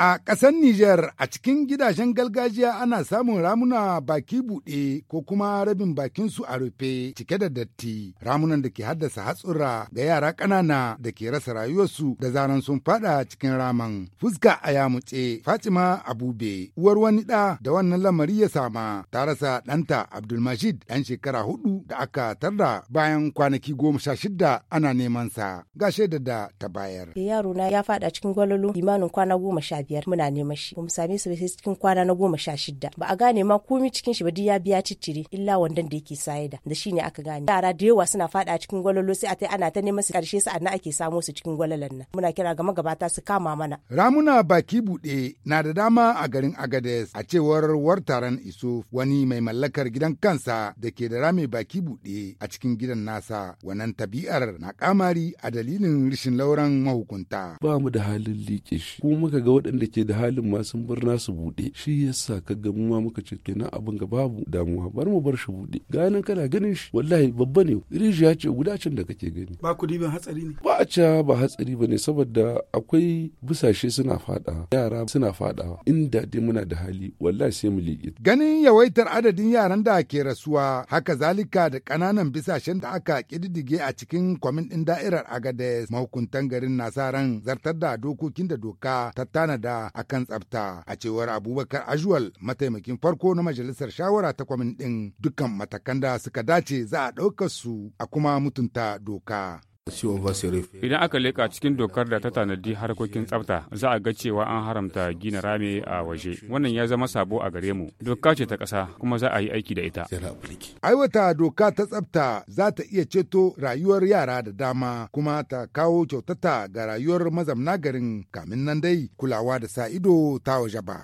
A ƙasar Nijar a cikin gidajen gargajiya ana samun ramuna baki buɗe ko kuma rabin bakinsu a rufe cike da datti, ramunan da ke haddasa hatsura ga yara ƙanana da ke rasa rayuwarsu da zaran sun fada cikin raman. Fuska a mutse Fatima Abube, uwar wani ɗa da wannan lamari ya sama, ta rasa ɗanta Abdulmajid ɗan shekara hudu da aka tarda bayan kwanaki goma sha shida ana neman sa. Ga da ta bayar. Yaro na ya faɗa cikin gwalolo imanin kwana goma sha biyar muna neman shi mu same su sai cikin kwana na goma sha shida ba a gane ma komi cikin shi ba duk ya biya ciccire illa wandan da yake saye da da ne aka gane yara da yawa suna fada cikin gwalolo sai a tai ana ta neman su karshe sa na ake samo su cikin gwalalan nan muna kira ga magabata su kama mana ramuna baki buɗe na da dama a garin agades a cewar war taron iso wani mai mallakar gidan kansa da ke da rami baki buɗe a cikin gidan nasa wannan tabi'ar na kamari a dalilin rishin lauran mahukunta ba mu da halin liƙe shi ko muka ga waɗanda da ke da halin ma sun bar nasu buɗe shi yasa ka ga mu ma muka ce kenan abin ga babu damuwa bar mu bar shi buɗe ganin kana ganin shi wallahi babba ne rijiya ce guda can da kake gani ba ku diban hatsari ne ba a ca ba hatsari ba ne saboda akwai busashe suna fada yara suna fadawa inda dai muna da hali wallahi sai mu liƙi ganin yawaitar adadin yaran da ke rasuwa haka zalika da ƙananan bisashen da aka ƙididdige a cikin kwamin ɗin da'irar agades mahukuntan garin nasaran zartar da dokokin da doka ta tanada yarda kan tsafta a cewar Abubakar Ajuwal mataimakin farko na majalisar shawara ta kwamin ɗin dukkan matakan da suka dace za a ɗaukar su a kuma mutunta doka. Idan aka leka cikin dokar da ta tanadi harkokin tsafta, za a ga cewa an haramta gina rame a waje. Wannan ya zama sabo a gare mu. Doka ce ta ƙasa kuma za a yi aiki da ita. Aiwata doka ta tsafta za ta iya ceto rayuwar yara da dama kuma ta kawo kyautata ga rayuwar mazamna garin kamin nan dai kulawa da sa ido ta waje ba.